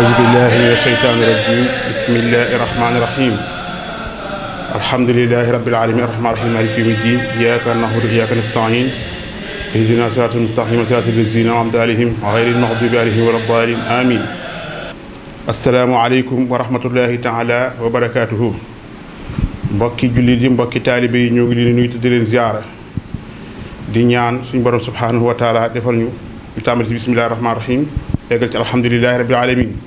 أعوذ بالله من الشيطان الرجيم بسم الله الرحمن الرحيم الحمد لله رب العالمين الرحمن الرحيم مالك يوم الدين إياك نعبد وإياك نستعين اهدنا صراط المستقيم صراط الذين أنعمت عليهم غير المغضوب عليهم ولا الضالين آمين السلام عليكم ورحمة الله تعالى وبركاته مبكي jullit yi mbokki taalibe yi ñoo ngi leen nuyu di leen ziyaara di ñaan suñu borom subhanahu wa taala defal ñu ñu tàmbali ci bismillahi rahmaani rahim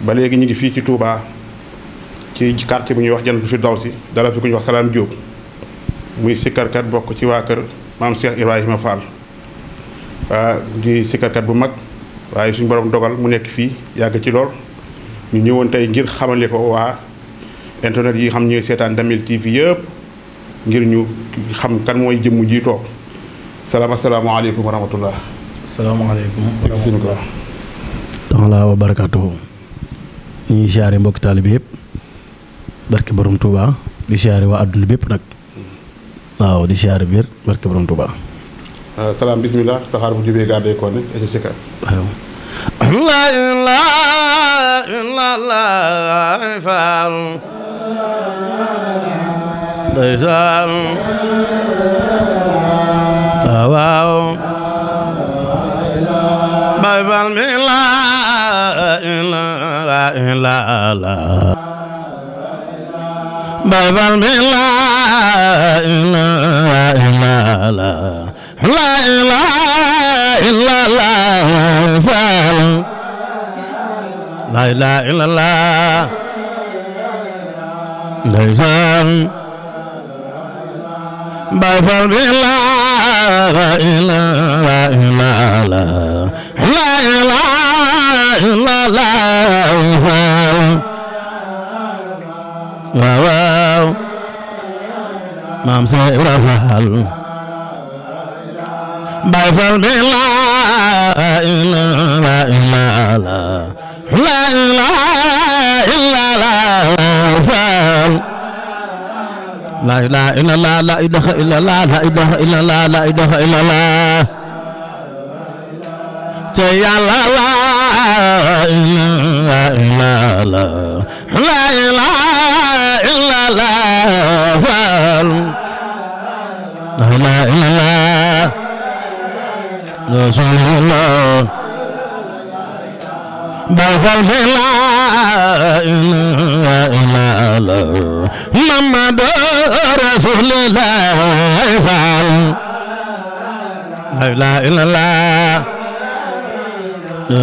ba léegi ñu ngi fii ci Touba ci quartier bu ñuy wax Jannatul Firdawsi dara fi ku ñuy wax Salam Diop muy sikkarkat bokk ci waa kër maam Cheikh Ibrahima Fall ah, di sikkarkat bu mag waaye suñu borom dogal mu nekk fii yàgg ci lool ñu ñëwoon tey ngir xamale ko waa internet yi xam ñooy seetaan Damil TV yëpp ngir ñu xam kan mooy jëmm ji toog salaam asalaamaaleykum wa rahmatullah asalaamaaleykum wa rahmatullah taala wa barakatuhu ñu ngi siyaare mbokki taalibe yëpp barke borom Touba di siyaare waa àdduna bépp nag waaw di siyaare biir barke borom Touba. Ah, salaam bisimilah saxaar bu jubee gardé ko ne et cetera. إله إلا بابا لا إله إلا لا لا إله إلا الله فعلا لا إله إلا الله ليس بابا لا إله إلا لا لا إله إلا الله waaw waaw maam se Ibra Faal Baay Faal bi la ilaha illa la la ilaha illa la Faal la ilaha illa la la ilaha illa la la ilaha illa la la ilaha illa la te yàlla la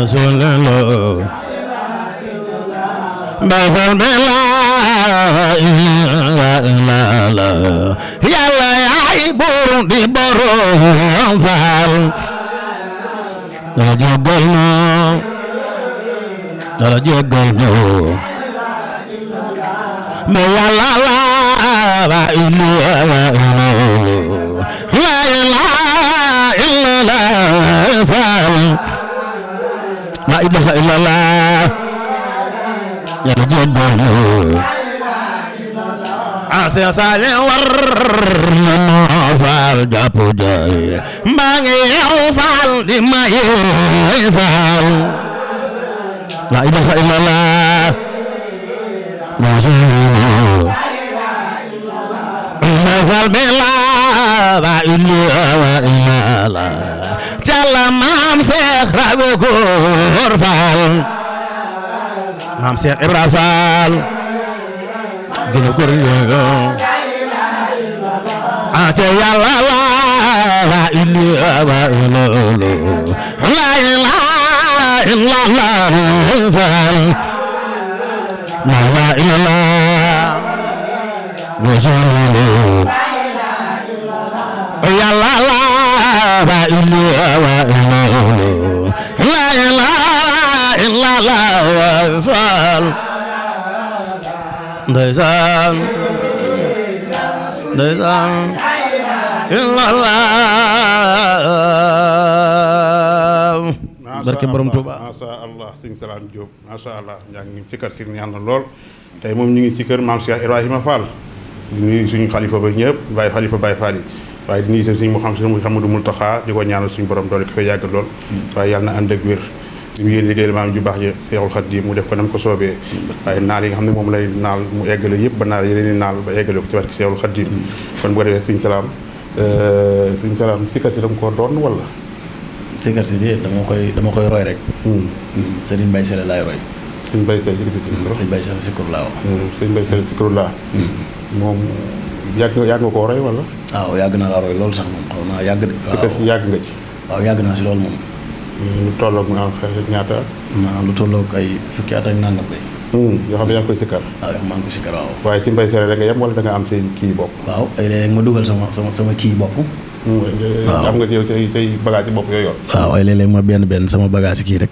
رسول الله ilaha illallah yàlla jéggal asen sale war na moo faal jàpp jaay mbaa ngi yow faal di maye faal la ilaha illallah nasuru nafal bela ba ilaha illallah jalama Cheikh la ilaha illallah la ilaha illallah la wafal ndeysaan ndeysaan barke borom Allah sëñ Salaam Diop masha Allah ñaa ci kër sëñ ñaan lool tey moom ñu ngi ci kër maam Cheikh Ibrahima Fall di nuyu suñu ba ñëpp bàyyi xalifa bàyyi Fall yi waaye di nuyu seen sëñ mu xam ñaanal suñu borom ko lool na ak li mu yéene liggéeyal maam ju baax ja Seexul Xadiim mu def ko nam ko soobee waaye naal yi nga xam ne moom lay naal mu eggale yëpp ba naal yeneen i naal ba eggale ko ci barke Seexul Xadiim kon bu ko defee sëñ salaam euh, sëñ salaam sikkar si dama ko doon wala sikkar si di dama koy dama koy roy rek hmm. Sëriñ Mbay Sele laay roy sëñ Mbay Sele sëñ Mbay Sele sikkur laa hmm. sëñ Mbay Sele sikkur laa hmm. moom yàgg yàgg nga koo roy wala waaw ah, yàgg naa laa roy loolu sax moom xaw naa yàgg de sikkar si yàgg nga ci waaw yàgg naa si loolu moom lu tolloog nga ñaata at. maa lu tolloog ay fukki at ak nangam hmm, bay. yoo xam ne yaa ngi koy sikkar. waaw ah, maa ngi koy sikkar waaye ci mbay sere da nga yem wala da nga am seen kii bopp. waaw ay ma dugal sama sama sama kii bopp. Hmm, waaw nga yow say say bagage yi bopp yooyu yor. waaw ay léeg-léeg ma benn benn sama bagage kii rek.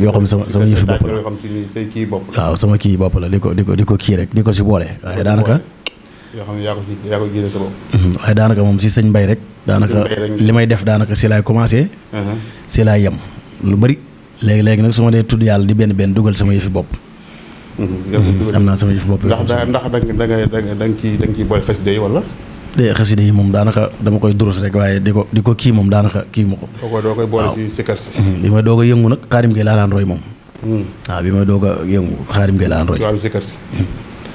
yoo xam ne sama sama yëfi bopp xam ne say kii bopp la. waaw sama kii bopp la di ko di ko di ko kii rek di ko si boole. waaye daanaka. yoo xam ne yaa ko ci yaa ko génne sa mhm. waaye daanaka moom si sëñ Mbay rek. daanaka li may def daanaka si laay commencé. Mhm. si laay yem lu bari léegi léegi nag su ma dee tudd yàlla di benn benn dugal sama yëfi bopp. Mhm. am naa sama yëfi bopp ndax da ndax da nga da nga da nga ciy da nga ciy boole xasida yi xasida yi moom daanaka dama koy durus rek waaye di ko di ko kii moom daanaka kii ma ko. waaw doo koy boole si si kër si. bi ma doog a yëngu nag xaarim gi laa daan roy moom. waaw bi ma doog a yëngu xaarim gi laa daan roy. waaw si.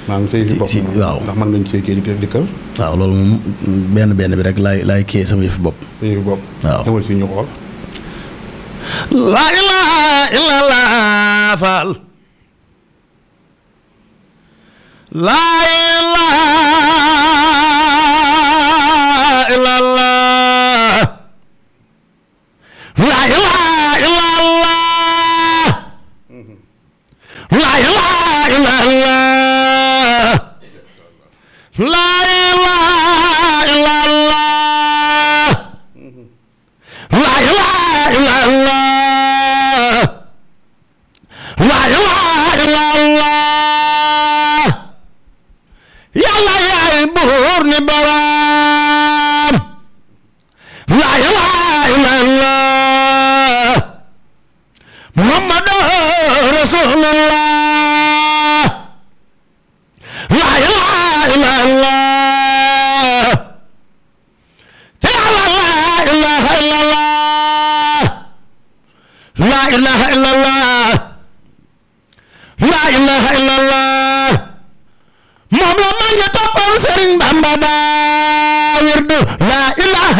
maanaam sëy fi bopp waaw ndax mën nga ñu cee kii di dikkal waaw loolu moom benn benn bi rek laay laay kii sama yëfu bopp sëy fi bopp waaw ñëwal si laa faal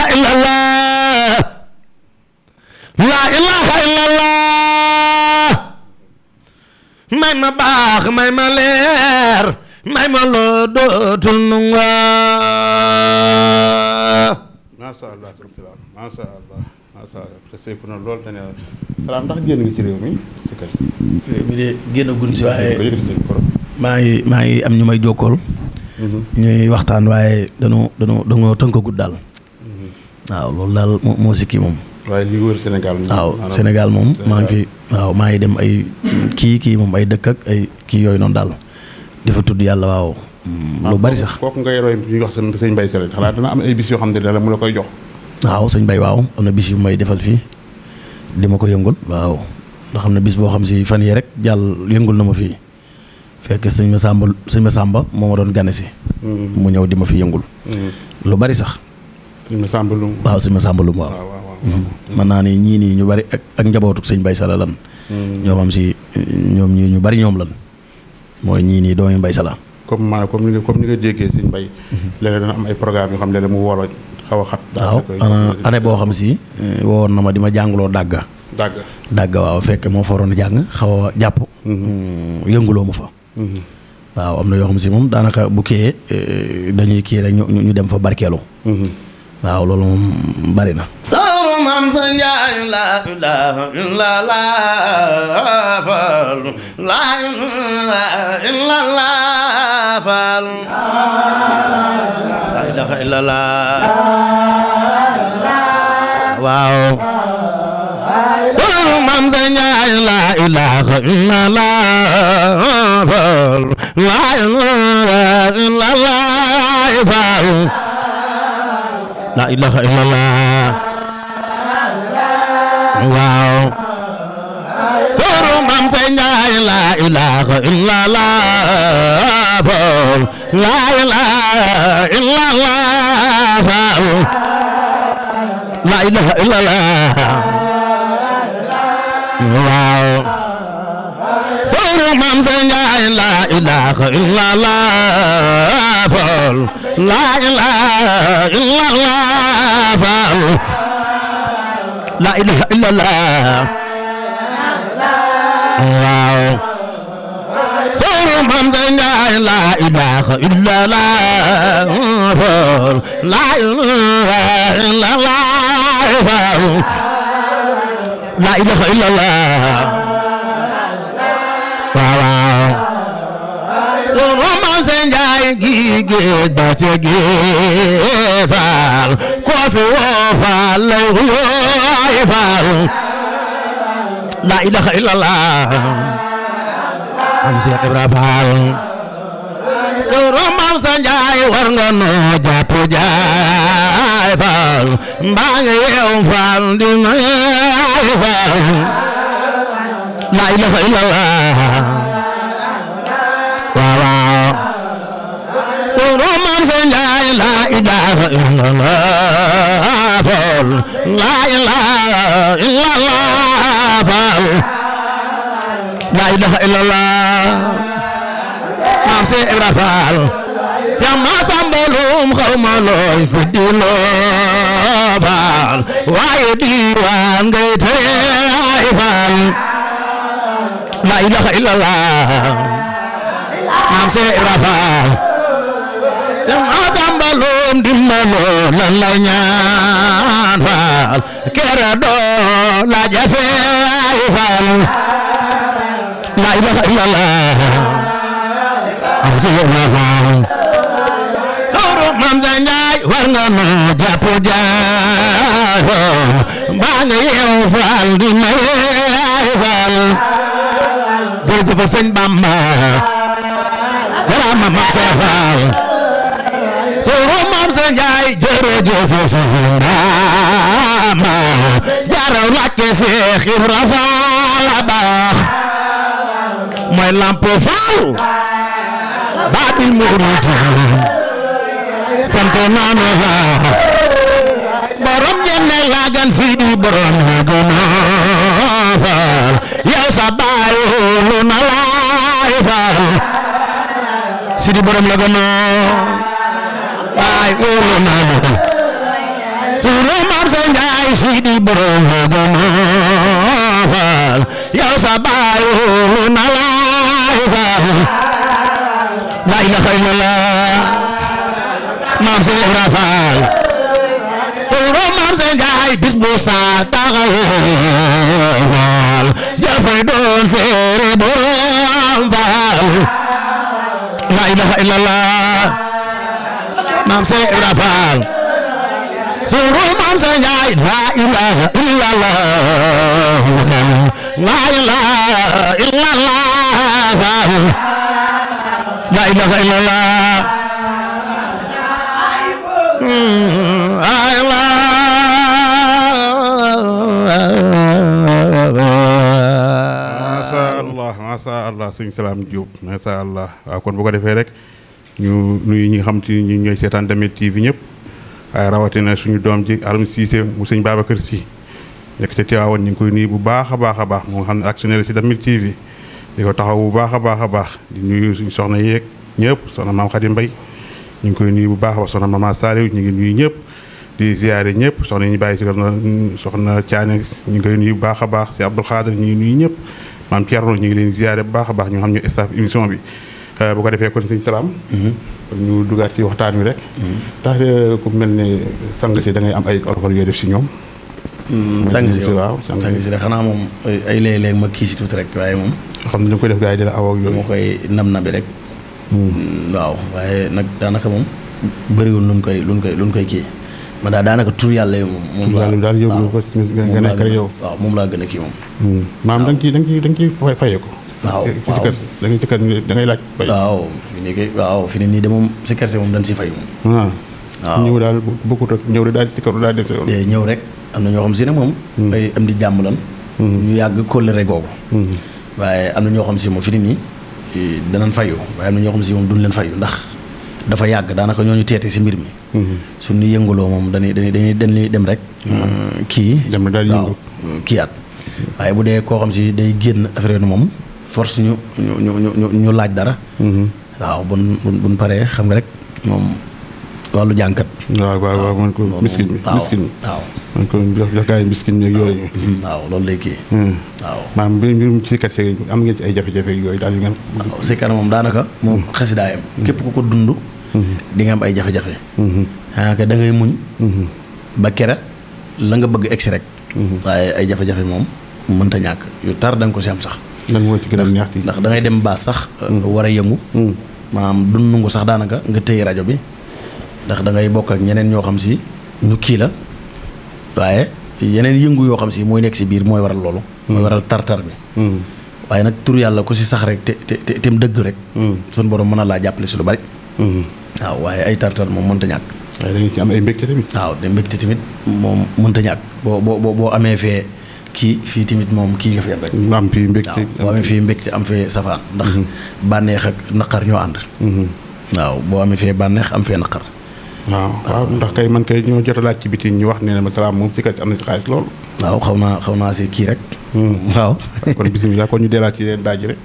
إلا may ma baax may ma leer may ma loo dootul nunga macha allah salaam macha allah allah te sëy na loolu dañu salaam ndax génn nga ci réew mi si kër si maa ngi maa ngi am ñu may jokkool mhm. ñuy waxtaan waaye dañu dañu dañoo tënkagut daal waaw loolu daal moo si kii moom. waaye li wër Sénégal moom. waaw Sénégal moom maa ngi fi waaw maa ngi dem ay kii kii moom ay dëkk ak ay kii yooyu noonu daal di fa tudd yàlla waaw. Mm, lu ah, bari sax kooku ngay roy ñuy wax sëñ Baye Sall xalaat dana am ay bis yoo xam ne dala mu la koy jox. waaw sañ bay waaw am na yu may defal fii di ma ko yëngul. waaw xam ne bis boo xam si fan yii rek jàll yëngul na ma fii fekk sëñ Masamba sëñ sàmba moo ma doon gane si. Mm. mu ñëw di ma fi yëngul. Mm. lu bari sax. ma sàmba lum waaw sëñ ma sàmba lum waaw mën naa ni ñii nii ñu bari ak ak njabootuk sëñ Bay Sala lan ñoom am si ñoom ñii ñu bari ñoom lan mooy ñii nii doomi Bay Sala comme maanaam comme ni nga comme ni nga déggee sëñ Bay léeg-léeg dana am ay programme yoo xam mu xaw a xat waaw année boo xam si wowoon na ma di ma jàngaloo dàgga dàgga dàgga waaw fekk moo fa jàng xaw a jàpp yënguloo mu fa waaw am na yoo xam si moom daanaka bu kiyee eh, dañuy kii rek ñu dem fa barkeelu hmm. waaw loolu moom bari na. sawru maam sa njaay la ilaha illa la faalu la ilaha illa la faalu la ilaha illa la waaw sawru maam sa njaay la ilaha illa la faalu la ilaha illa la faalu la ilaha illallah waaw sooru mam say njaay la ilaha illallah la ilaha illallah la ilaha illallah waaw maam Sëriñ Njaay la ilaha illa Allah faal la ilaha illa Allah faal la ilaha illa Allah waaw Sëriñ maam Sëriñ Njaay la ilaha illa Allah faal la ilaha illa Allah faal la ilaha illa Allah gi da ci gi faal ko fi woo faal lay wooy faal la ilaha illallah am Cheikh Ibra Faal soro maam sa njaay war nga noo jàpp jaay faal mbaa nga yeew di may faal la ilaha illallah ilaha illallah maam si Ibra Faal si amma sambalum xaw ma looy guddi loo faal waaye diiwaan ngay tey faal la ilaha illallah maam si Ibra Faal borom dimbaloo lan law ñaan faal faal la ilaha illallah am faal nga no jàppu jaaroo mbaa nga faal di maye ay faal jërëjëf sëñ Bamba wara ma ma Amsa Njaay jërëjëf Soxna jaaraw lakke Seex Ibra Faal la baax mooy Lampo Faal baabil muridin sant naanu fa borom ñenne la gan si di borom ñabona faal yow sa baay lu na laay faal si di borom la gënoo Njaay wóolu naa la ko suura maam sa Njaay si di borom goma faal yow sa baay wóolu na laay faal la ilaha illallah maam sa Ibra faal suura maam sa Njaay bis bu saa taxawoo faal jafay doon seere borom faal la ilaha illallah mamse rafal suruh mamse nyai la ilaha illallah la ilaha illallah la ilaha illallah Masha Allah Masha Allah Sëñ Salam Diop Masha Allah waaw kon bu rek ñu nuyu ñi nga xam te ni ñooy seetaan Damel TV ñëpp waaye rawatina suñu doom ji Alioune Cissé mu sëñ Babacar Sy nekk ca Tiwaawan ñu ngi koy nuyu bu baax a baax a baax moo xam ne actionnaire si Damel TV di ko taxaw bu baax a baax a baax di nuyu suñu soxna yeeg ñëpp soxna maam Khady Mbaye ñu ngi koy nuyu bu baax a baax soxna mama Saliou ñu ngi nuyu ñëpp di ziare ñëpp soxna ñu bàyyi si soxna Thiané ñu ngi koy nuyu bu baax a baax si Abdou Khader ñu ngi nuyu ñëpp maam Thierno ñu ngi leen ziare bu baax a baax ñu xam ñu staff émission bi Euh, bu ko defee kon sëñ salaam. kon mhm. ñu dugaat si waxtaan wi rek. tax mhm. euh, ku mel ni sang si da ngay am ay olofal yooyu def si ñoom. Mhm, sang si waaw sang si rek xanaa moom ay léeg-léeg ma kii si tuuti rek waaye moom. xam ne ñu koy def gars yi dina aw ak yooyu. moo koy nam na bi rek. Mm, waaw waaye nag daanaka moom bëriwul lu ñu koy lu ñu koy lu koy kii ma daal daanaka tur yàlla yi moom. moom laa daal yow nga nekk moom laa gën a kii moom. maam da nga ciy da nga fayee ko. waaw waaw da da ngay waaw fi ni kay waaw fi nii de moom sikkar si moom dañ si fay moom. Ah. waaw ñëw daal bokkut ak ñëw daal si kaw daal di def si yoon. Eh, ñëw rek am na ñoo xam si ne moom. Hmm. ay am di jàmm lan. Hmm. ñu yàgg kóllëre googu. Hmm. waaye am na ñoo xam si moom fi nii eh, danañ fayu waaye am na ñoo xam si moom duñ leen fayu ndax dafa yàgg daanaka ñoo ñu teete si mbir mi. su nu yëngaloo moom dañuy dañuy dañuy dem rek. kii dem na daal yëngu kiiyaat waaye bu dee koo xam si day génn affaire moom. force ñu ñu ñu ñu laaj dara mm-hmm. waaw bun bun paré xam nga rek mom walu jangkat waaw waaw waaw man ko miskin miskin waaw man ko jox jox kay miskin ñu yoy waaw mm-hmm, lool lay ki mm. waaw man bi mbirum ci kat sey am nga ci ay jafé jafé yoy dal ngeen ci kan mom danaka mom mm. xassidaayam mm. kep ku ko dundu mm-hmm. di nga am ay jafé jafé ha ah, ka da ngay muñ ba kera la nga bëgg ex rek waye ay jafé jafé mom mën ta ñak yu tar dang ko ci am sax lan mo ci gëna a neex ci ndax da ngay dem ba sax hmm. war a yëngu hmm. maanaam du nungu sax daanaka nga téye radio bi ndax da ngay bok ak ñeneen ño xam si ñu ki la waye yeneen yëngu yo xam si moy nekk ci biir moy waral lolu moy hmm. waral tartar bi waye nak tur yalla ku ci sax rek te te tem dëgg rek sun borom mëna la jappalé su lu bari waaw waye ay tartar moom mënta ñàkk waaye da nga ci am ay mbékté tamit waaw de mbégte tamit moom mënta ñak bo bo bo amé fee kii fii tamit moom kii nga fi am rek. am fii mbégte waaw boo fii mbégte am fee safaan. ndax mhm. bànneex ak naqar ñoo ànd. Mhm. waaw boo amee fee bànneex am fee naqar. waaw waaw ndax kay man kay ñoo jot ci biti ñu wax ne ne ma salaam moom si kat am na si xaalis lool. waaw xaw naa xaw naa si kii rek. Mhm. waaw. ñu deelaat ci leen daaj rek.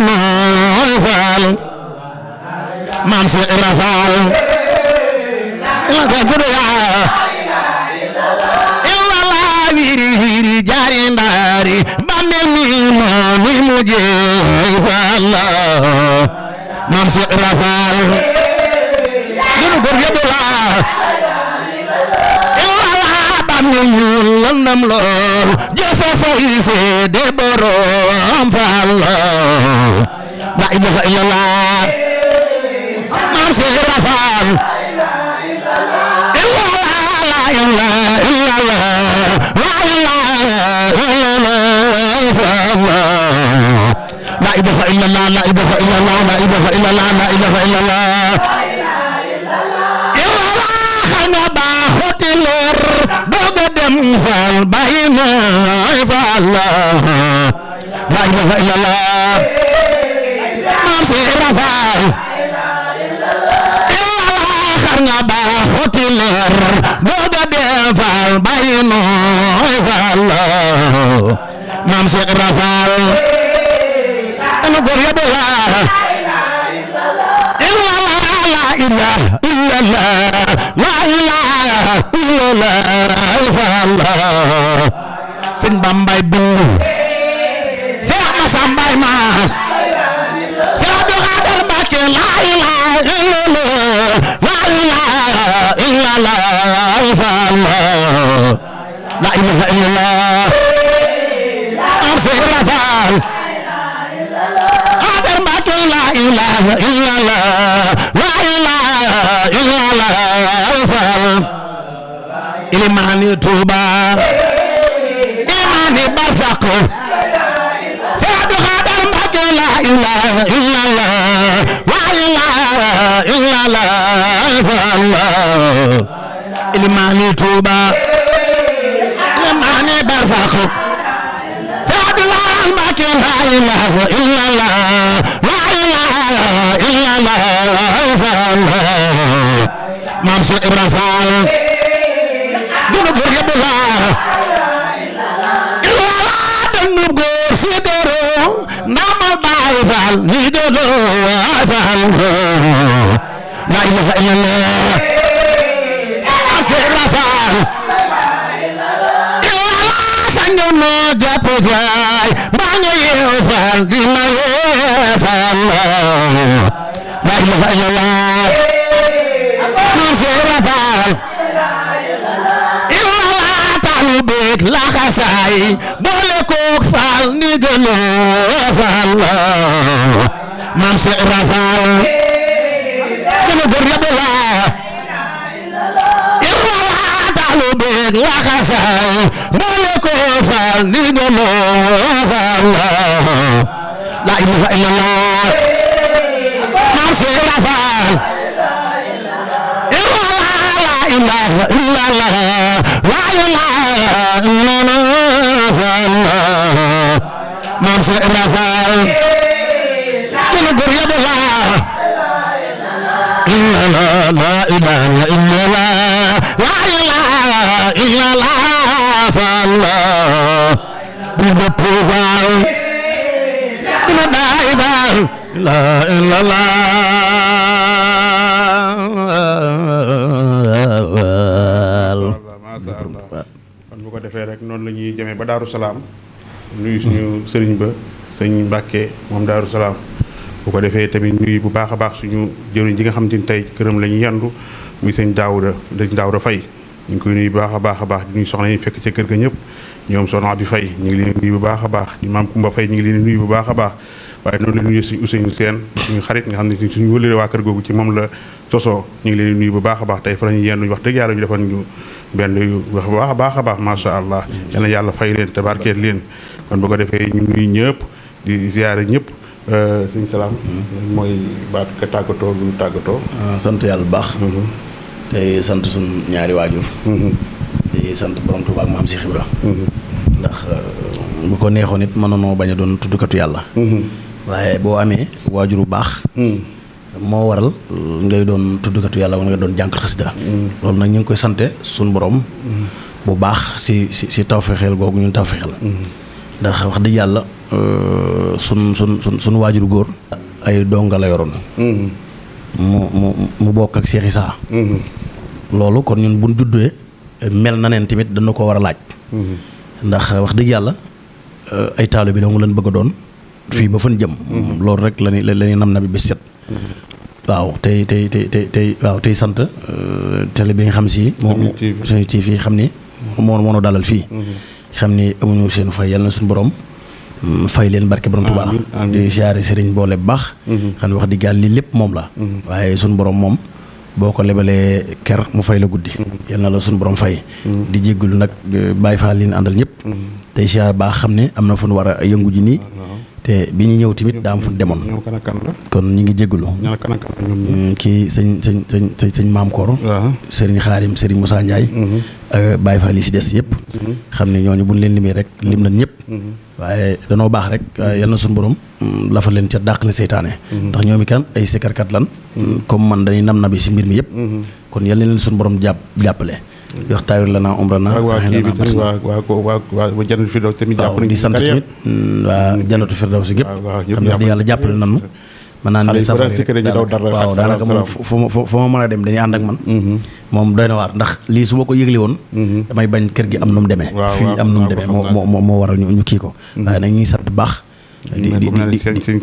noon faal maam si Ibra faal illa ka gudu yaa illa laa wiiri wiiri jaari ndaari bande mi noon i muje maam si Ibra faal gudu gur laa illa laa bande mi landam lool fa fay seede boroom faal la ilaha illallah maam seera faal la ilaha illallah la ilaha illallah la ilaha illallah la ilaha illallah la ilaha illallah la ilaha illallah Fall dunu burge bu Fall ilala danu góor si doro ndamal Baay Fall ni dodo Fall la ilaha illallah asira Fall ilala sanjo no jàpp jaay maa nga yeew Fall di ma yee Fall la ilaha illallah laxasaay boole kook faal ni gënoo faal maam si rafaal gënu gër ya bulaa irraa taalu beeg laxasaay boole kook faal ni gënoo faal la ba Daaru Salaam nuyu suñu sëriñ ba sëñ Mbàkke moom Daaru Salaam bu ko defee tamit nuyu bu baax a baax suñu jëriñ ji nga xam te ni tey këram la ñu yendu muy sëñ Daawuda sëñ Daawuda Fay ñu ngi koy nuyu baax a baax a baax di nuyu soxna yi fekk ca kër ñëpp ñoom soxna Abi Fay ñu ngi leen nuyu bu baax a baax di maam ñu ngi leen nuyu bu baax baax waaye noonu la nuyu suñu Ousseynou Seen suñu xarit nga xam ne suñu wëlëre waa kër googu ci moom la sosoo ñu ngi leen nuyu bu baax a baax tey fa la ñuy yendu wax dëgg yàlla ñu defal benn yu wax baax a baax a allah yal na yàlla fay leen tabarkeel leen kon bu ko defee ñu nuyu ñëpp di ziare ñëpp euh, suñ salaam. mooy baat ka tàggatoo lu tàggatoo. Ah, sant yàlla bu baax. Mm-hmm. tey sant suñ ñaari waajur. Mm-hmm. tey sant borom Tuubaa ak maam si xibra mm-hmm. ndax euh, bu ko neexoon it mënoonoo bañ a doon tuddukatu yàlla. waaye boo amee waajur bu baax. Mm. mo waral ngay doon katu yalla won nga doon jànkat xasida lolou nak ñu ngi koy santé sun borom bu baax si si tawfiixel tawféexeel ñun tawfiixel da wax di yalla euh, sun sun sun sun waajur góor ay donga la yoron mu mu mu ak cheikh isa lolou kon ñun buñ juddé mel nanen timit dañ ko wara laaj ndax wax di yalla euh, ay taalibe mm-hmm. bi dong leen bëgg doon fi ba fañ jëm lolou rek lañ lañ nam nabi bi set waaw tey tey tey tey tey waaw tey sant euh, télé bi nga xam si. moom suñu TV yi xam ni. moo moo dalal fii. Mhm. xam ni amuñu seen fay yàlla na suñu borom. Mm, fay leen barke borom Tuubaa di siyaare sëriñ boole bu baax. Mhm. xam ne wax di yàlla lii lépp moom la. Mhm. waaye suñu borom moom. boo ko lebalee ker mu fay la guddi. yal na la suñu borom fay. di jéggalu nag euh, bàyyi faa li ñu àndal ñëpp. tey siyaar baax xam ne am na fu ñu war a yëngu ji nii. te bi ñu ñëw tamit daa am fu ñu demoon. kon ñu ngi jégalu. Mm, kii sëñ sëñ sëñ sëñ maam Koro. sëriñ Xaarim sëriñ Moussa Ndiaye. Mm-hmm. bàyyi fa yi si des yëpp. Mm-hmm. xam ne ñooñu bu ñu leen limee rek lim nañ ñëpp. Mm-hmm. waaye danoo baax rek yal na suñu borom mm, lafa leen ca dàq la seytaane ndax ñoomi i kan ay sikkarkat lan mm, comme man dañuy nam na bi si mbir mi yëpp. kon yal na leen suñu borom jàpp jàppale. yoxtaawir la naa omra naa. sax la naa waa waa waa jannatu firdaws tamit jàpp nañu di sant tamit mm, waa mm. jannatu firdaws gépp xam ne yàlla jàppale nañu mën naa ne safari rek waaw daanaka moom fu ma fu ma mën a dem dañuy ànd ak man mm-hmm. moom doy na waar ndax lii su ma ko yëgle woon mm-hmm. damay bañ kër gi am nu mu demee fii am nu mu demee moo moo moo waral ñu kii ko mm-hmm. waaye nag ñuy sant baax di di di di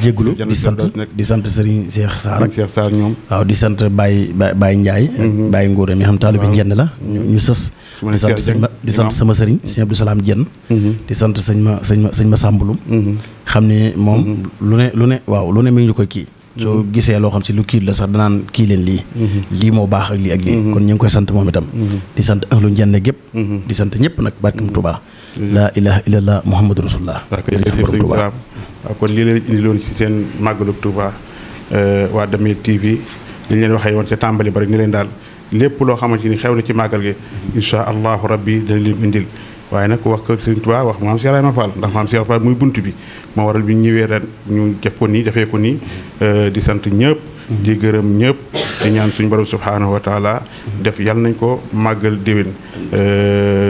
jégalu di sant di sant Serigne Cheikh Sarr ak ñoom waaw di sant Baye Baye Ndiaye. Mm-hmm. Baye Ngóore mi xam taalibe Jenn la ñu ñu sës. di sant sëñ di sant sama sëriñ sëñ Abdou Salaam Jenn. Mm-hmm. di sant sëñ ma sëñ ma sëñ ma Sàmbulum. Mm-hmm. xam ne moom lu ne lu ne waaw lu ne mi ngi ñu koy kii. soo gisee loo xam si lu kii la sax danaan kii leen lii. lii moo baax ak lii ak lii. kon ñu ngi koy sant moom itam. di sant ahlu Jenn gépp di sant ñëpp nag barkam tubaa laa ilaha illallah muhammadu rasulullah waaw kon lii la indi ci seen màggalu Touba euh, waa Damel TV li ñu leen waxee woon ca tàmbali ba ni leen daal lépp loo xamante ni xew na ci màggal yi insha allahu rabbi dana leen indil waaye nag wax ko Sëriñ Tuubaa wax maam Cheikh Ibrahima Fall ndax maam Cheikh Fall muy bunt bi moo waral bi ñu ñëwee ren ñu def ko nii defee ko nii euh, di sant ñëpp di gërëm ñëpp di ñaan suñ borom subhaanahu wa taala def yal nañ ko màggal déwén euh,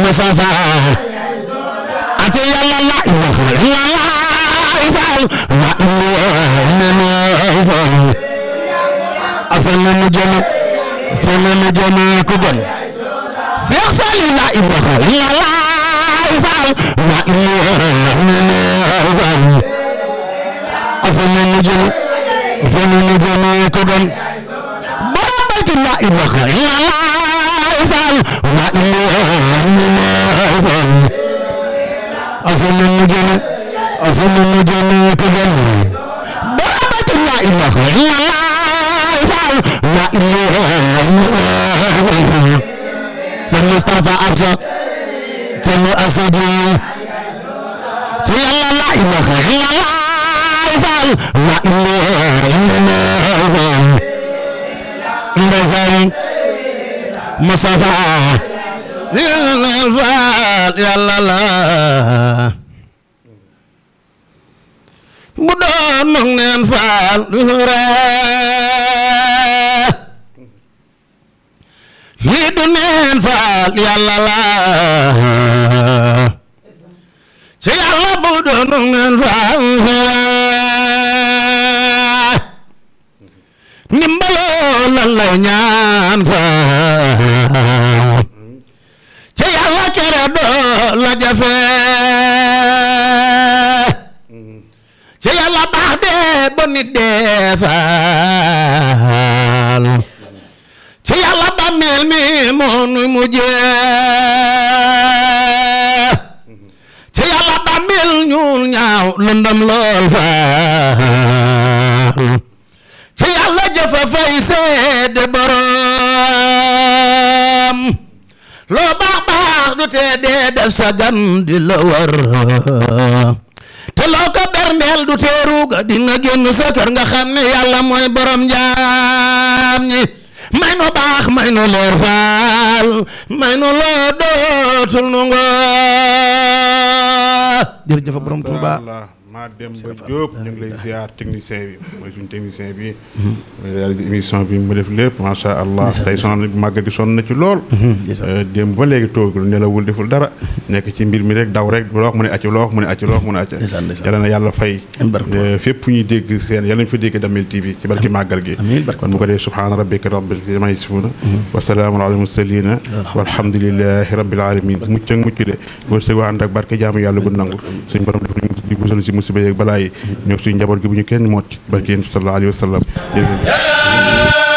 المصطفى أتي يلا لا إله إلا الله إفعل وإني إنما إفعل أفنم جميع فنم جميع كبن سيغسل لا إله إلا الله إفعل وإني إنما إفعل أفنم جميع فنم جميع كبن بربك لا إله إلا الله إفعل وإني إنما الأفعال أظن النجوم أظن النجوم تجمع بابة لا إله إلا لا إله إلا الله سن مصطفى أبزا سن أسدي تي الله لا إله إلا الله لا إله إلا الله إن مصطفى yàlla la bu doon mag neen faal du lii du neen faal yàlla la baax may nu leer faal may nu loo dootul nu ngoo jërëjëf maa dem ba Diop ñu ngi lay ziar technicien bi mooy suñu technicien bi. réalisé mhm. émission bi def lépp macha allah. tey gi son na ci lool. Mhm, euh, dem ba léegi toogul nelawul deful dara. nekk ci mbir mi rek daw rek loo wax mu ne acca loo wax mu ne acca loo ne yàlla fay. Euh, fépp fu ñuy dégg seen yàlla ñu fa dégg Damel TV ci barki màggal gi. kon bu ko dee subhaana rabbika rabbil izzati yasifuuna. Mhm. wa salaamun alal mursaliina. walhamdulillahi rabbil alamin mucc ak mucc de. wërsëg waa ànd ak barke jaamu musiba yeeg balaa yi ñoo suñu njaboot gi bu ñu kenn moot barke yéen sallallahu alayhi wa sallam